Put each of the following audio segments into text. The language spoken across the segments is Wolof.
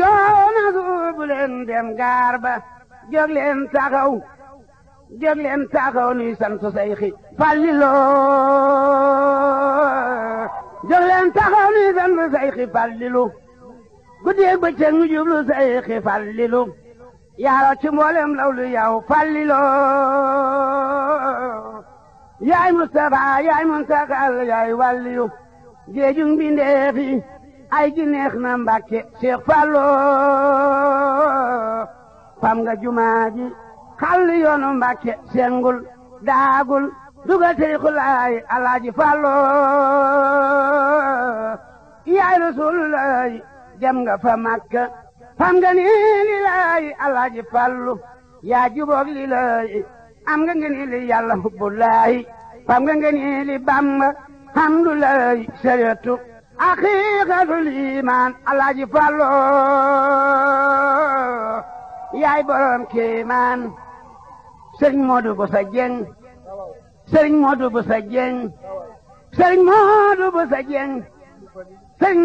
joona suubu leen dem gaar ba jóg leen taxaw jóg nuy sant Seyxi Fallilo jóg leen taxaw nuy sant Seyxi Fallilu guddeeg bëccëg ñu jublu Seyxi Fallilu yaaro ci mboolem law lu yow Fallilo Mustafa yaay Muntakal yaay wàlliyu géejug mbindeef ay gi na mbàkke Cheikh Fallo fam nga jumaa ji xàll yoonu mbàkke sengul daagul dugal tariixu laay alaaji Fallo yaay rasulullaay jam nga fa Makka fam nga ni laay alaaji Fallu yaa juboog li am nga ngeen li yàlla hubbu fam nga ngeen li Bàmba hamdulaay sariyatu haqiqatul iman alaaji Fallu yaay borom kéemaan sëriñ Modou Boussa Dieng sëriñ Modou Boussa Dieng sëriñ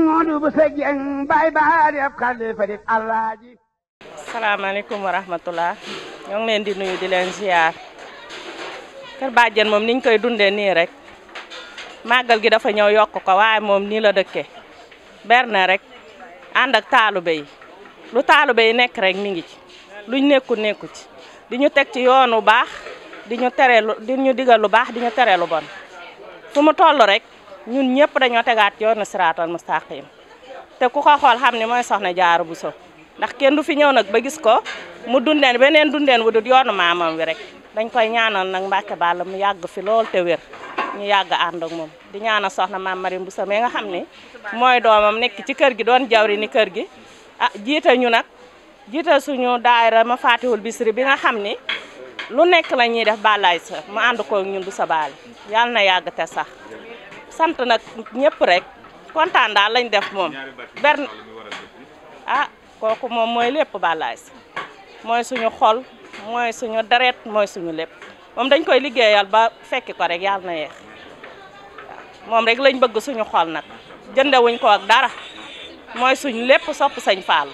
Modou ab xalifa di alaaji salaamaaleykum wa rahmatullah leen di nuyu di leen ziar kër bàjjen moom niñ koy dundee nii rek màggal gi dafa ñëw yokk ko waaye moom nii la dëkkee berne rek ànd ak taalube yi lu taalube yi nekk rek mi ngi ci luñ nekku nekku ci di ñu teg ci yoonu baax di ñu tere ñu digal lu baax di ñu tere lu bon fu mu toll rek ñun ñëpp dañoo tegaat yoonu siraatal mustaqim te ku ko xam ne mooy soxna bu Bousso ndax kenn du fi ñëw nag ba gis ko mu dundeen beneen dundeen wu dul yoonu maamam wi rek dañ koy ñaanoon nag Mbàkke Bàll mu yàgg fi lool te wér ñu yàgg ànd ak moom di ñaanal soxna maam Marie Mbusa mi nga xam ne mooy doomam nekk ci kër gi doon jawri ni kër gi ah jiite ñu nag jiite suñu daayira ma faatihul bisri bi nga xam ni lu nekk la ñuy def balaay mu ànd ko ñun bu sa baali na yàgg sax sant nag ñëpp rek kontaan lañ def ah kooku moom mooy lépp balaay sa mooy suñu xol mooy suñu deret mooy suñu lépp moom dañ koy liggéeyal ba fekki ko rek yàlla na yeex moom rek lañ bëgg suñu xol nag jëndewuñ ko ak dara mooy suñ lépp sopp sañ faal.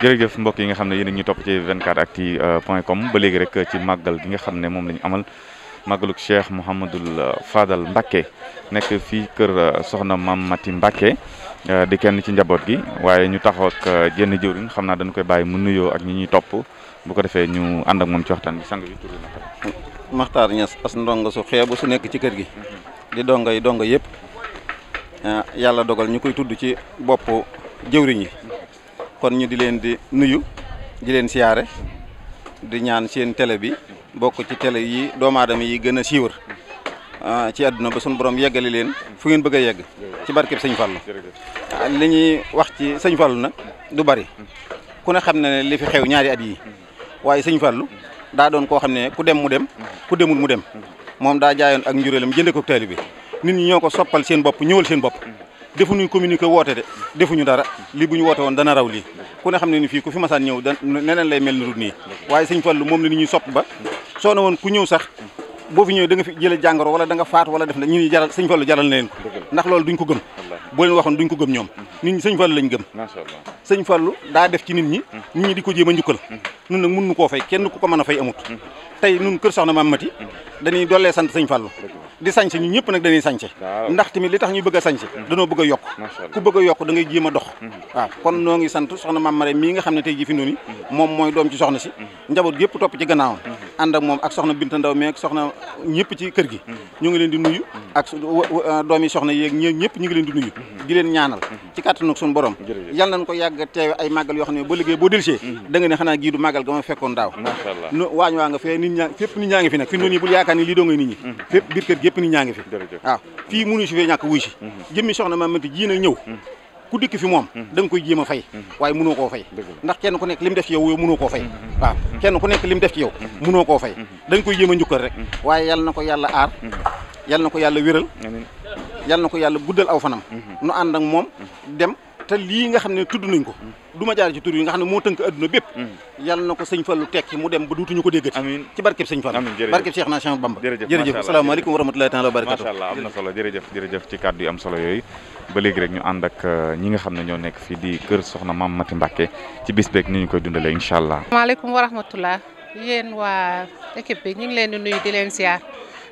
jërëjëf mbokk yi nga xam ne yéen a topp ci 24actu point com ba léegi rek ci màggal gi nga xam ne moom la ñu amal màggaluk Cheikh Mouhamadul Fadal Mbacke nekk fii kër euh, soxna maam Mati Mbacke euh, di kenn ci njaboot gi waaye ñu taxaw ak euh, jenn jëwriñ xam naa dañu koy bàyyi mu nuyoo ak ñi ñuy topp bu ko defee ñu ànd ak moom ci waxtaan bi sang bi tur bi Maxtaar Ñas as ndongo su xeebu su nekk ci kër gi. Mm-hmm. di donga yi donga yëpp ah, yàlla dogal ñu koy tudd ci boppu jëwriñ yi kon ñu di leen di nuyu di leen siyaare di ñaan seen tele bi bokk ci télé yi doomu aadama yi gën a siiwar ah, ci àdduna ba suñu borom yeggale leen fu ngeen bëgg a yegg ci barkeb sëñ Fallu ah, li ñuy wax ci sëñ Fallu na du bari ku ne xam na ne li fi xew ñaari at yi waaye sëñ Fallu daa doon koo xam ne ku dem mu dem ku demul mu dem moom daa jaayoon ak njuréelam jënde ko taalibe nit ñi ñoo ko soppal seen bopp ñëwal seen bopp defuñu communiqué woote de defuñu dara lii bu ñu woote woon dana raw lii ku ne xam ne ni fii ku fi masaan ñëw da neneen lay mel ni rut nii waaye sëñ Fallu moom la nit ñuy sopp ba soo na woon ku ñëw sax boo fi ñëwee da nga fi jële jàngoro wala da nga faatu wala def na ñu jaral sëñ Fallu jaral na leen ko ndax loolu duñ ko gëm boo leen waxoon duñ ko gëm ñoom mm-hmm. nit ñi sëñ Fallu lañ gëm sëñ Fallu daa def ci nit ñi mm-hmm. nit ñi di ko jéem a njukkal mm-hmm. nun nag mënu koo fay kenn ku ko mën a fay amut tey nun kër soxna maam mati dañuy dollee sant sëñ Fallu di sañse ñu ñëpp nag dañuy sañse ndax tamit li tax ñu bëgg a sañse dañoo bëgg a yokk ku bëgg a yokk da ngay jéem dox waaw kon noo ngi sant soxna maam mari mii nga xam ne tey fi noonu moom mooy doom ci soxna si njaboot yëpp topp ci gannaawam ànd ak moom ak soxna Binta Ndaw meeg soxna ñëpp ci kër gi ñu ngi leen di nuyu ak euh, doomi ñëpp ñu ngi leen di nuyu di leen ñaanal ci kàttanu suñu borom yal nañ ko yàgg teewe ay màggal yoo xam ne ba liggéey boo delsee mm-hmm. da nga xanaa gii du màggal ga ma fekkoon waañ waa nga fee nit ñaa ngi fi nag fi noonu yi bul yaakaar ni lii doo ngay nit ñi mm-hmm. fépp biir kër gi yëpp nit ñaa ngi fi waaw fii si fee ñàkk wuy si mm-hmm. jëmmi soxna ma mënti ji ñëw ku dikk fi moom mhm. danga koy jéem a fay mhm. waaye mënoo koo fay ndax kenn ku nekk li mu def ci yow yow mënoo koo fay mhm. waaw kenn ku nekk li mu def ci yow mënoo koo fay da koy jéem a njukkal rek waaye yàlla na ko yàlla aar yal na ko yàlla wéral yàlla na ko yàlla guddal aw fanam nu ànd ak moom dem te lii nga xam ne tudd nañ ko mm. du ma mm. ba duutuñu ko déggati amiin ci barkeb sëñ Fallu amiin am na solo jërëjëf euh, xam ne ñoo nekk fii di kër soxna Maam Mati Mbàkke ci bis beeg ni ñu koy dundalee incha allah asalaamaaleykum wa rahmatullah yéen waa équipe bi ñu ngi leen di nuyu di leen ziar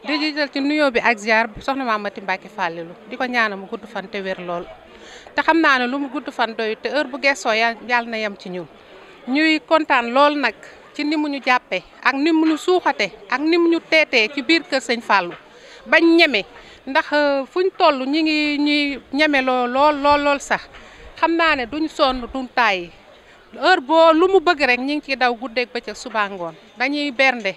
di jiital ci nuyoo bi ak ziar soxna Maam Mati Mbàkke Fàllilu di ko ñaanal gudd fan te lool te xam naa ne lu mu gudd fan doyut te heure bu geesoo yàlla na yem ci ñun ñuy kontaan lool nag ci ni mu ñu jàppee ak ni mu ñu suuxate ak ni mu ñu teetee ci biir kër sëñ Fallou bañ ñeme ndax fu euh, fuñ toll ñi ngi ñuy ñeme lool lool lool sax xam naa ne duñ sonn duñ tàyyi heure boo lu mu bëgg rek ñi ngi ciy daw guddeeg bëccëg suba ngoon dañuy bernde.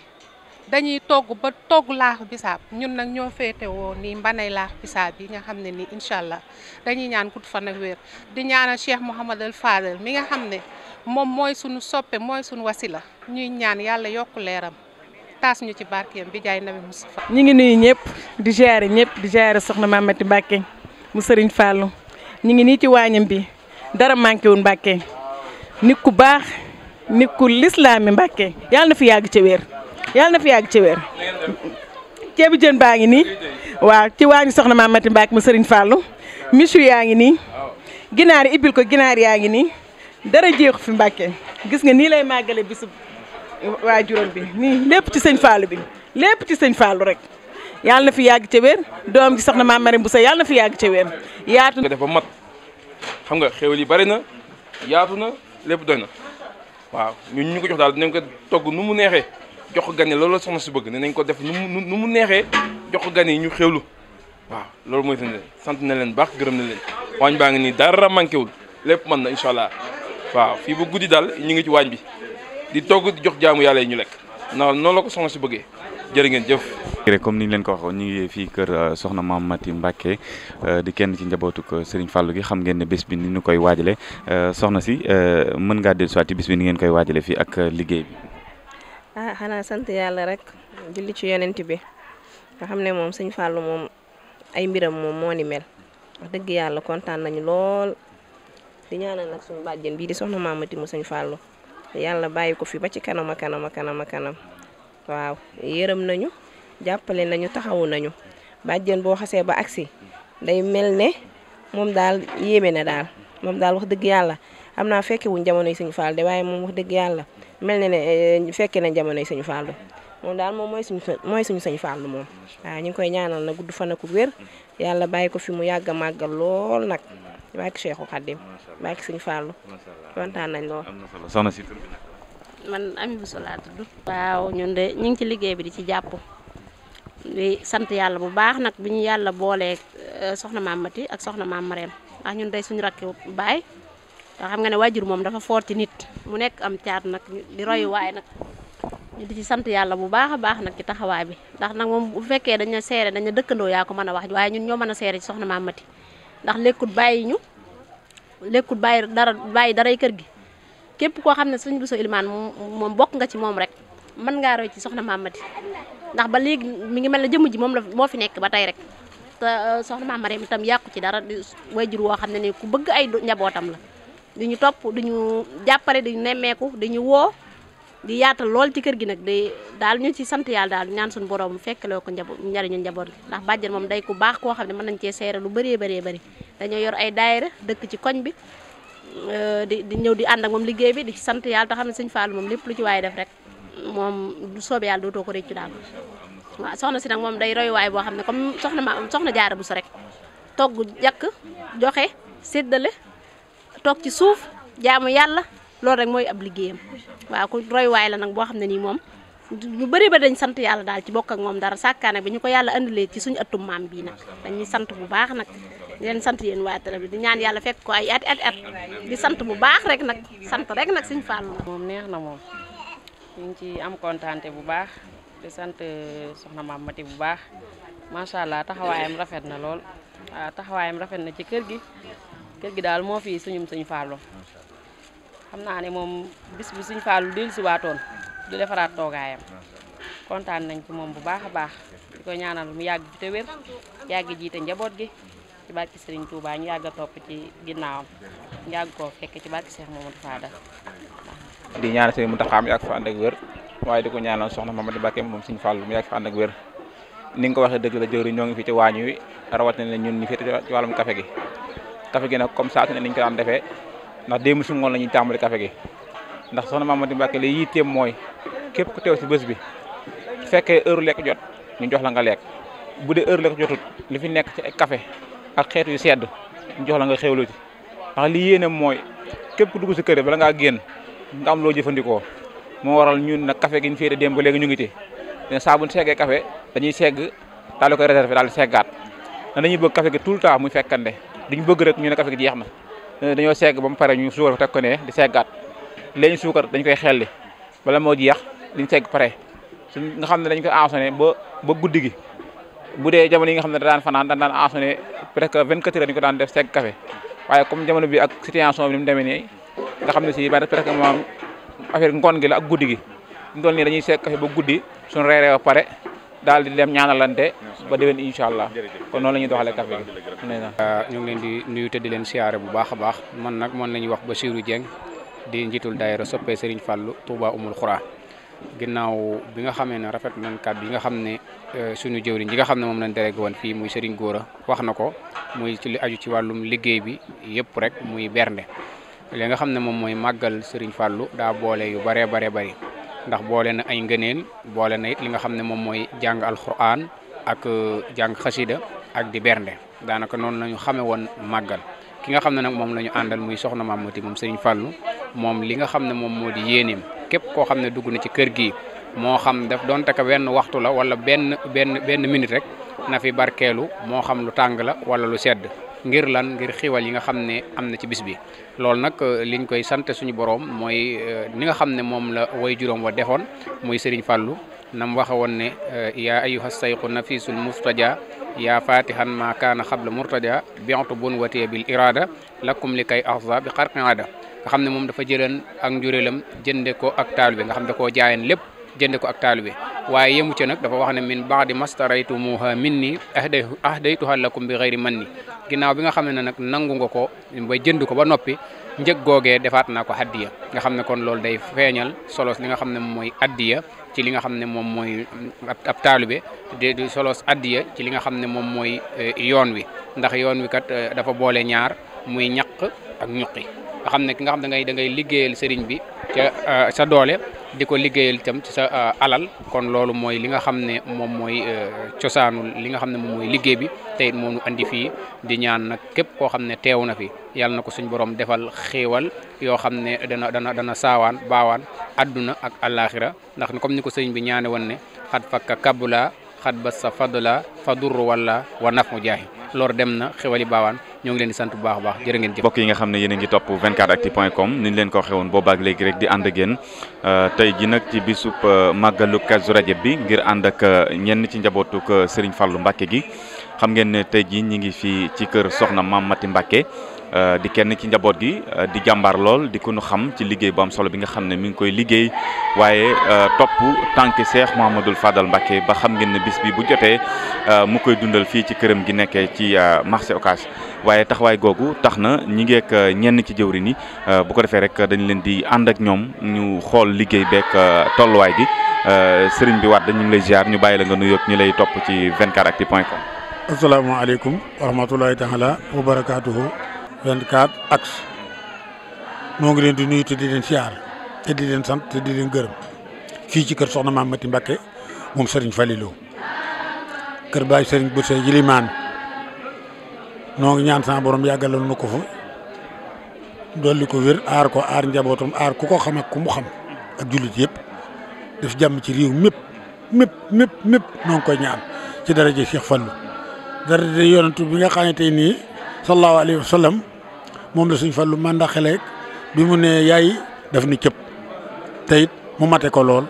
dañuy togg ba togg laax bisaab ñun nag ñoo feete féetewoo nii mbanay laax bisaab yi nga xam ne nii incha allah dañuy ñaan gudd fan ak wér di ñaanal Cheikh Mouhamadul Fadel mi nga xam ne moom mooy suñu soppe mooy sunu wasila ñuy ñaan yàlla yokk leeram taas ñu ci barke bi jaay nabi Moustapha ñi ngi nuyu ñëpp di ziare ñëpp di ziare soxna Mamati mbàkke mu Serigne Fallou ñi ngi nii ci waañam bi dara manqué wul Mbacke nit ku baax nit ku lislaami Mbacke yàlla na fi yàgg ci wér. yàlla na fi yàgg ci wér ceebu jën baa ngi nii waaw ci waañu soxna maam Mati Mbaak mu Sëriñ Fàllu michu yaa ngi nii ginaar yi ibbil ko ginaar yaa ngi nii dara jeexu fi Mbàkke gis nga nii lay màggale waa waajuram bi nii lépp ci sëñ Fàllu bi lépp ci sëñ Fàllu rek yàlla na fi yàgg ca wér doom ji soxna maam Marim bu sa yàlla na fi yàgg ca wér yaatu nga def ba mat xam nga xéwal yi bari na yaatu na lépp doy na waaw ñun ñu ko jox daal dinañ ko togg nu mu neexee jox ko gan yi loolu la soxna si bëgg ne nañ ko def nu mu neexee jox ko yi ñu xewlu waaw loolu mooy seen sant na leen baax gërëm na leen waañ baa ngi nii dara manqué wul lépp mën na incha allah waaw fii ba guddi daal ñu ngi ci waañ bi di togg jox jaamu yàlla yi ñu lekk ndax noonu la ko soxna si bëggee jër ngeen jëf. comme ni leen ko waxoon ñu ngi fii kër euh, soxna maam Mati Mbacke euh, di kenn ci njabootuk Serigne Fallou gi xam ngeen ne bés bi ni ñu koy waajalee euh, soxna si mën ngaa dellusiwaat ci bés bi ni ngeen koy waajalee fii ak liggéey bi. ah xanaa sant yàlla rek julli ci yonent bi nga xam ne moom sëñ Fallou moom ay mbiram moom moo ni mel wax dëgg yàlla kontaan nañu lool di ñaanal nag suñu bàjjen bii di soxna Mamati mu sëñ Fallou yàlla bàyyi ko fi ba ci kanam a kanam a kanam waaw yërëm nañu jàppale nañu taxawu nañu bàjjen boo xasee ba agsi day mel ne moom daal yéeme ne daal moom daal wax dëgg yàlla am naa fekke wuñ jamono yi sëñ de waaye moom wax dëgg yàlla mel na ne eh, fekkee jamono jamonoy suñu Fallu moom daal moom mooy suñu mooy suñu Sëñ moom waaw ñu ngi koy ñaanal na gudd fan ak wér yàlla bàyyi ko fi mu yàgg a màggal lool nag bàyyi ko Cheikhou Khadim bàyyi ko Sëñ nañ lool. am na nag. man Ami Bousso laa ñu ngi ci liggéey bi di ci jàpp sant yàlla bu baax nag bi ñu yàlla boolee eh, soxna maam ak soxna maam Marème ndax ñun day suñu rakk baay. ndax xam nga ne waajur moom dafa foor ci nit mu nekk am caat nag di royuwaay nag ñu di ci sant yàlla bu baax a baax nag ci taxawaay bi ndax nag moom bu fekkee dañu seere dañu dëkkandoo yaa ko mën a wax waaye ñun ñoo mën a seere ci soxna Maam ndax lekkut bàyyi ñu lekkut bàyyi dara bàyyi daray kër gi képp koo xam ne sëñ Bousso Elimane moom bokk nga ci moom rek mën ngaa ci soxna Maam ndax ba léegi mu ngi mel ne jëmm ji moom la moo fi nekk ba tey rek te soxna Maam Mati itam yàqu ci dara di waajur woo xam ne ni ku bëgg ay njabootam la di ñu topp di ñu jàppale di nemmeeku dañu woo di yaatal lool ci kër gi nag day daal ñu ci sant yàlla daal ñaan suñu borom fekkloo ko njaboot njariñu njaboot gi ndax bàjjen moom day ku baax koo xam ne mën nañ cee seere lu bëree bëree dañoo yor ay daayira dëkk ci koñ bi euh, di di ñëw di ànd ak moom liggéey bi di sant yàlla te xam sëñ Fallou moom lépp lu ci waaye def rek moom du soobee yàlla dootoo ko réccu daal soxna si nag moom day roy boo xam ne comme soxna ma soxna jaara bu sa rek togg jàkk joxe séddale toog ci suuf jaamu yàlla loolu rek mooy ab liggéeyam waaw ku waay la nag boo xam ne nii moom ñu bëri ba dañ sant yàlla daal ci bokk ak moom dara sàkkaane bi ñu ko yàlla andilee ci suñu ëttum maam bii nag dañuy sant bu baax nag di leen sant yéen waa télé bi di yàlla fekk ko ay at at at sant bu baax rek nag sant rek nag suñu fàllu moom neex na moom ñu ngi ci am kontaante bu baax di sant euh, soxna maam Mati bu baax macha allah taxawaayam rafet na lool waaw taxawaayam rafet na ci kër gi kër gi daal moo fi suñum suñ faalu xam naa ne moom bis bu suñ faalu dellu si waatoon du defaraat toogaayam kontaan nañ ci moom bu baax a baax di ko ñaanal mu yàgg fi te wér yàgg jiite njaboot gi ci barki Serigne Touba ñu yàgg topp ci ginnaawam ñu koo fekk ci barki Cheikh Mamadou Fadal di ñaanal Serigne Mountakha mu yàgg fa ànd ak wér waaye di ko ñaanal soxna Mamadou Mbacké moom suñ faalu mu yàgg fa ànd ak wér ni nga ko waxee dëgg la jëwri ñoo ngi fi ci waañ wi rawatina ñun ñi fi ci wàllum kafe gi café gi nag comme saa su ne ko daan defee ndax démb si ngoon la ñuy tàmbali café gi ndax soxna Mamadou Mbacke li yitteem mooy képp ku teew si bés bi su fekkee heure lekk jot ñu jox la nga lekk bu dee heure lekk jotut li fi nekk ci ay café ak xeetu yu sedd ñu la nga xewlu ci ndax li yéene mooy képp dugg si kër bala ngaa génn nga loo jëfandikoo moo waral ñun nag café gi ñu féete démb léegi ñu ngi ci ne saa bu ñu seggee café dañuy segg daal di koy réservé daal di seggaat dañuy bëgg café gi tout le temps muy fekkande duñ bëgg rek ñu ne café gi jeex na euh, dañoo segg ba mu pare ñu suukar fa teg ko ne di seggaat léegi suukar dañ koy xelli bala moo jeex liñ segg pare su nga xam ne dañ koy ensonné ba ba guddi gi bu dee jamono yi nga xam ne da daan fanaan daan daan ensonné presque 24 heures ñu ko daan def segg café waaye comme jamono bi ak situation bi ni mu demee nga xam ne si ba presque moom affaire ngoon gi la ak guddi gi ñu doon nii dañuy segg café ba guddi suñu reeree daal di dem ñaanalante ba déwén incha allah kon noonu la ñuy doxalee café gi euh, ñu ngi leen di nuyu te di leen siyaare bu baax baax man nag man la wax wax siiru Dieng di njiitul daayira soppee Serigne Fallou Touba Oumoul Khoura ginnaaw bi nga xamee ne rafet nañ kàddu yi nga xam ne euh, suñu jëwriñ yi nga xam ne moom lañ délégué woon fii muy Serigne Gora wax na ko muy ci li aju ci wàllum liggéey bi yëpp rek muy bernde li nga xam ne moom mooy màggal Serigne Fallou daa boole yu baree baree bari ndax boole na ay ngëneel boole na it li nga xam ne moom mooy jàng alquran ak euh, jàng xasida ak di bernde daanaka noonu la ñu xamee woon màggal ki nga xam ne nag moom la ñu àndal muy soxna ti moom Serigne Fallou moom li nga xam ne moom moo di yéeneem képp koo xam ne dugg na ci kër gi moo xam daf doon takk benn waxtu la wala benn benn benn minute rek na fi barkeelu moo xam lu tàng la wala lu sedd. ngir lan ngir xiiwal yi nga xam ne am na ci bis bi loolu nag euh, liñ koy sante suñu boroom mooy euh, ni nga xam ne moom la way juróom wa defoon muy Serigne Fallou nam waxe woon ne euh, yaa ayyuha sayqu nafisul muftaja yaa fatihan ma kaana xab la murtaja bientu bun watee bil irada lakkum li kay ahza bi xarqin aada nga xam ne moom dafa jëlan ak njureelam jënde ko ak taal bi nga xam ne koo jaayan lépp jënde ko ak taalibe waaye yemu ca nag dafa wax ne min baadi mastaraytumuha minni ahday ahdaytuha lakum bi xayri manni ginnaaw bi nga xam ne nag nangu nga ko ba jënd ko ba noppi njëg googee defaat naa ko addiya nga xam ne kon lool day feeñal solos li nga xam ne mooy addiya ci li nga xam ne moom mooy ab taalibe di solos addiya ci li nga xam ne moom mooy eh, yoon wi ndax yoon wi kat eh, dafa boole ñaar muy ñaq ak ñuqi nga xam ne nga xam da sëriñ bi ca euh, sa doole di ko liggéeyal itam ci sa euh, alal kon loolu mooy li nga xam ne moom mooy euh, cosaanu li nga xam ne moom mooy liggéey bi tey moom nu andi fii di ñaan nag képp koo xam ne teew na fi yàlla na ko suñ borom defal xéewal yoo xam ne dana dana dana saawaan baawaan adduna ak àllaaxira ndax comme ni ko sëriñ bi ñaane woon ne xat fakka kabula xat ba sa fadula fadur wala wa naf mu jaahi loolu dem na xéewali baawaan ñoo ngi leen di sant bu baax a baax jërë ngeen jëf mbokk yi nga xam ne yéen a ngi topp 24actu point com ni ñu leen ko waxee woon boobaak léegi rek di ànd ak yéen euh, tey ji nag ci bisub euh, màggalu Kazu bi ngir ànd ak euh, ñenn ci njabootuk Serigne Fallou mbake gi xam ngeen ne tey ji ñi ngi fi ci kër soxna Maam Mati Mbacké Euh, di kenn ci njaboot gi euh, di jàmbaar lool di ko nu xam ci liggéey bu am solo bi nga xam ne mu ngi koy liggéey waaye euh, topp tànk Cheikh Mouhamadoul Fadal Mbacké ba xam ngeen ne bis bi bu jotee mu koy dundal fii ci këram gi nekkee ci marché Ocass waaye taxawaay googu tax na ñi ngi ak ñenn ci jëwri yi bu ko defee rek dañ leen di ànd ak ñoom ñu xool liggéey beek tolluwaay gi sëriñ bi waat dañu lay ziar ñu bàyyi la nga nuyoog ñu lay topp ci 24actu point com. asalaamaaleykum 24 axes moo ngi leen di nuyu te di leen siyaar te di sant te di leen gërëm fii ci kër soxna maam Mati Mbacke moom Serigne Falilou kër Baye Serigne Bousso Yilimaan noo ngi ñaan sama borom yàggalal nu ko fo dolli ko wér aar ko aar njabootam aar ku ko xam ak ku mu xam ak jullit yëpp def jàmm ci réew mépp mépp mépp mépp noo ngi koy ñaan ci daraja Cheikh Fallou daraja yonent bi nga xam ne tey nii. sallallahu alayhi moom la suñ fàllu bi mu ne yaay def ni cëpp te mu mate ko lool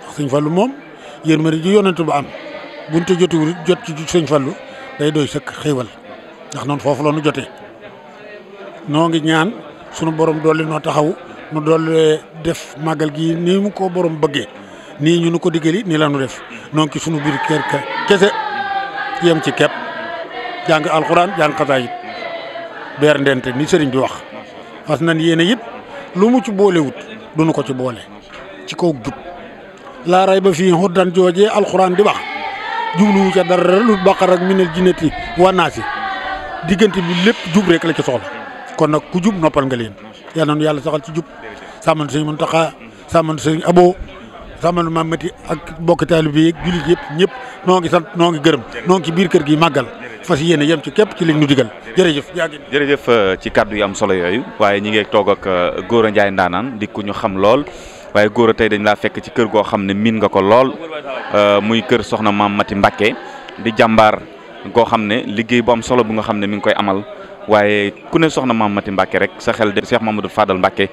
ndax suñ fàllu moom yërmande ji yonentu ba am buñ te jotiwul jot ci suñ fàllu day doy sëkk xéewal ndax noonu foofu la nu jotee noo ngi ñaan sunu borom doole noo taxaw nu doole def màggal gi nii mu ko borom bëggee nii ñu nu ko diggali nii la nu def noo ngi ci sunu biir kër ka kese yem ci kepp jàng alxuraan jàng xasaayid berndente ni sëriñ bi wax fas nañ yéene it lu mu ci boolewut duñu ko ci boole ci kaw jub laa ray ba fii xuddan joojee alxuraan di wax jubluwu ca dara lu baqar ak minal jinnati wa naasi diggante bi lépp jub rek la ci soxla kon nag ku jub noppal nga leen yal na nu yàlla saxal ci jub sàmman sëñ Muntaxa sàmman sëñ Abo xamal maam Mati ak mbokk taalibe yi jullit yëpp ñëpp noo ngi sant noo gërëm noo ki biir kër gi màggal fas yéene yem ci képp ci liñ nu digal jërëjëf jërëjëf euh, ci kàddu yu am solo yooyu waaye ñi ngi toog ak euh, a Ndiaye ndaanaan di ku ñu xam lool waaye Gora tey dañ laa fekk ci kër goo xam ne miin nga ko lool euh, muy kër soxna maam Mati Mbacke di jàmbaar goo xam ne liggéey bu am solo bi nga xam ne mi ngi koy amal waaye ku ne soxna maam Mati Mbacke rek sa xel de Cheikh Mamadou Fadal Mbacke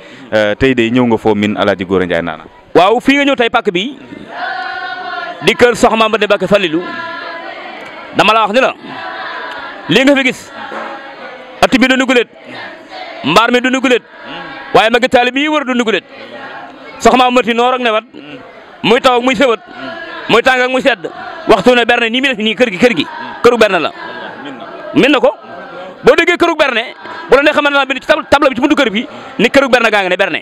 tey de ñëw nga foo miin Alaaji Gora Ndiaye ndaanaan waaw fii nga ñëw tey pàkk bi di kër Soxna Maam Bade Mbàkke Falilu dama la wax ni la lii nga fi gis at bi du nuguleet mbaar mi du nuguleet waaye magi taalib yi wër du nuguleet Soxna Maam mati noor ak newat muy taw ak muy sewat muy tàng ak muy sedd waxtu ne berne nii mi def nii kër gi kër gi këru berne la min ko boo déggee këru berne bu la neexee naa bind ci table bi ci buntu kër bi ni këru berne gaa ngi ne berne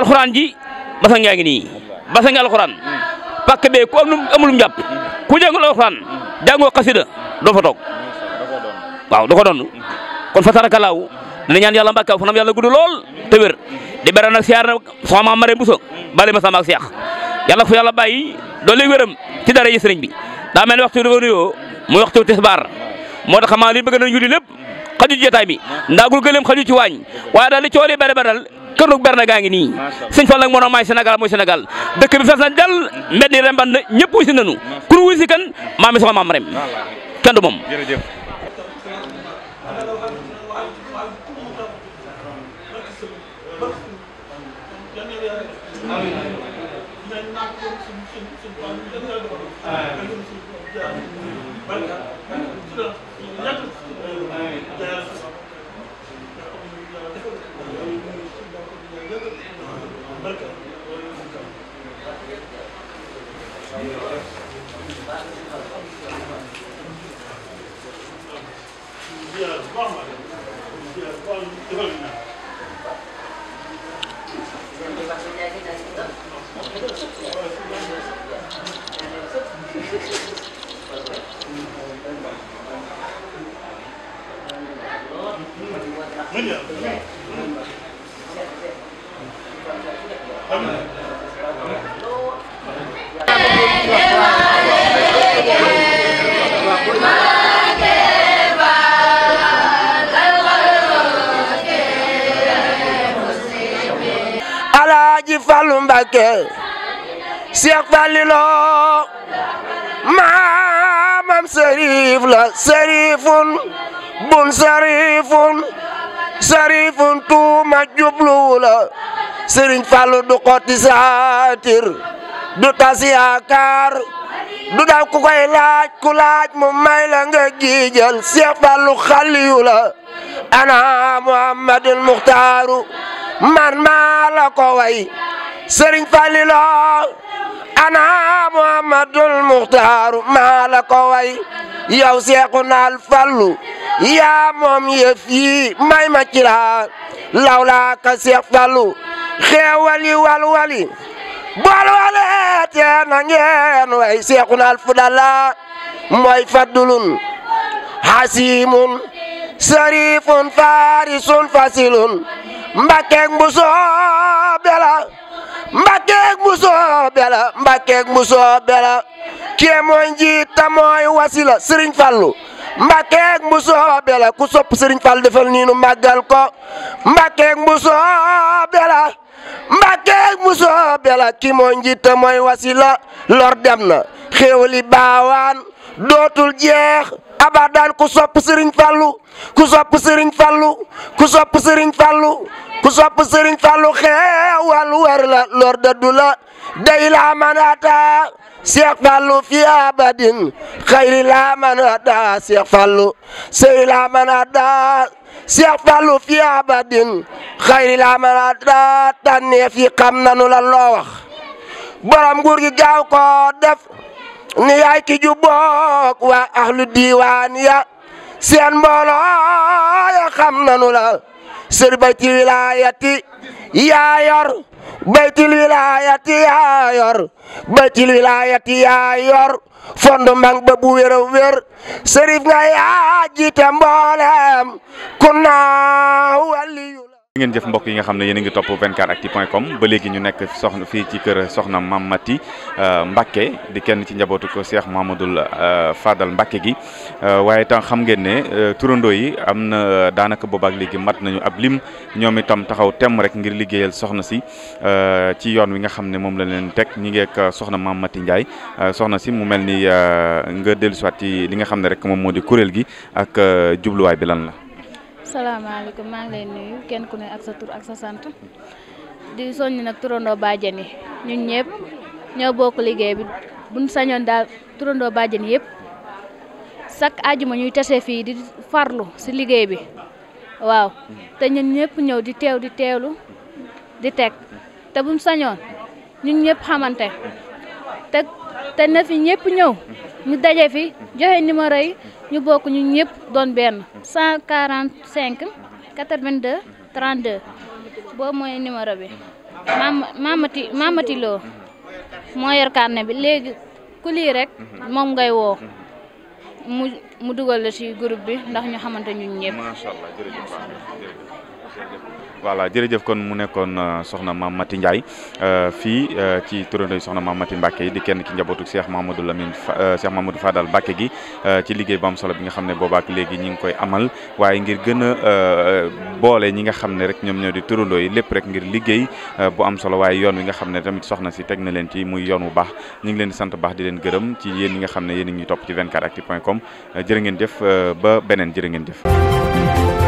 alxuraan ji basang yaa ngi nii basang alxuraan pàkk bee ku am amulum jàpp ku jàngul alxuraan jàngoo xasida doo fa toog waaw doo ko doon kon fa tarakalaaw dina ñaan yàlla mbàkka fu nam yàlla gudd lool te wér di beral nag siyaar na soxna maam Marème Bousso bale ma sama ak seex yàlla fu yàlla bàyyi wéram ci dara yi sëriñ bi daa mel ni waxtu dafa nuyoo muy waxtu tisbaar moo tax xamaa li bëgg na julli lépp xaju jotaay bi ndaagul gëlëm xaju ci waañ waaye daal li coole bare kër nag na gaa ngi nii sëñ Fall nag moo tax maay Sénégal mooy Sénégal dëkk bi fees na dal mbedd yi remban na ñëpp wuy si nañu ku wuy si kan maam mi sama maam rem kenn du Serigne Fallou Mbacké Cheikh Fallilo maamam Serif la Serifun bun Serifun Serifun tuuma jublu la Serigne du xotti du tas du daw ku koy laaj ku laaj mu may la nga giijal Seex Fallu xaliyu la ana Muhammadul Muxtaaru man maa la ko way Sëriñ Falilo ana Muhammadul Muxtaaru maa la ko way yow seexu naal fallu yaa moom yëf yi may ma ci laa ka Seex Fallu xeewali walwali bool wale tee na ngeen way seexun al fudala mooy faddulun hasimun sarifun farisun fasilun mbakkeeg mbusoo bela mbakkeeg mbusoo bela mbakkeeg ta mooy wasila sëriñ fallu mbakkeeg mbusoo bela ku sopp sëriñ fallu defal niinu màggal ko mbakkeeg mbusoo bela Mbàkke musoo bela ki mooy njiite mooy wasila lor dem na xéewali baawaan dootul jeex abadan ku sopp Sëriñ Fallu ku sopp Sëriñ Fallu ku sopp Sëriñ Fallu ku sopp Serigne Fallou xeewal war la lor dëddu la day laa manata Cheikh fi abadin xayri laa manata Cheikh Fallou sey laa manata fi abadin xayri laa manata tànnee la loo borom nguur gi gaaw ko def ni yaay ki ju bokk waa ahlu diwaan ya seen mbooloo la sir bayti wilayati yaa yor baytil wilayati yaa yor baytil wilayati yaa yor fondu mang ba bu wér a wér sërif nga yaa jiite mboolem ku ngeen jëf mbokk yi nga xam ne yéen a ngi topp 24actu point com ba léegi ñu nekk soxna fii ci kër soxna Mame Maty euh, Mbacke di kenn ci njabootu ko Cheikh Mouhamadoul euh, Fadal Mbacke gi euh, waaye tam xam ngeen ne turando yi am na daanaka boobaak léegi mat nañu ab lim ñoom itam taxaw temm rek ngir liggéeyal soxna si ci yoon wi nga xam ne moom la leen teg ñi ngi soxna Mame Maty Ndiaye soxna si mu mel ni nga dellusiwaat ci li nga xam ne rek moom moo di kuréel gi ak jubluwaay bi lan la salaamaaleykum maa ngi leen nuyu kenn ku ne ak sa tur ak sa sant di soññ nag turandoo bàjjen yi ñun ñëpp ñoo bokk liggéey bi buñ sañoon daal turandoo bàjjen yëpp chaque àjjuma ñuy tase fii di farlu si liggéey bi waaw te ñun ñëpp ñëw di teew di teewlu di teg te buñ sañoon ñun ñëpp xamante te te na fi ñëpp ñëw ñu daje fi joxe numéro yi ñu bokk ñu ñëpp doon benn. 145 82 32 boobu mooy numéro bi maam maamati maamati loo moo yor bi léegi ku lii rek moom ngay woo. mu mu dugal la si groupe bi ndax ñu xamante ñun ñëpp. voilà jërëjëf kon mu nekkoon euh, soxna maam Mati Ndiaye euh, fii euh, ci turandoo soxna maam Mati Mbacke yi di kenn ci njabootu Cheikh Mamadou Lamine Cheikh Mamadou Fadal Mbacke gi ci liggéey bu am solo bi nga xam ne boobaak léegi ñi ngi koy amal waaye ngir gën a boole ñi nga xam ne rek ñoom ñoo di turandoo yi lépp rek ngir liggéey bu am solo waaye yoon wi nga xam ne tamit soxna si teg na leen ci muy yoon wu baax ñu ngi leen di sant baax di leen gërëm ci yéen ñi nga xam ne yéen a ngi topp ci 24actu point com jërë ngeen jëf ba beneen jërë ngeen jëf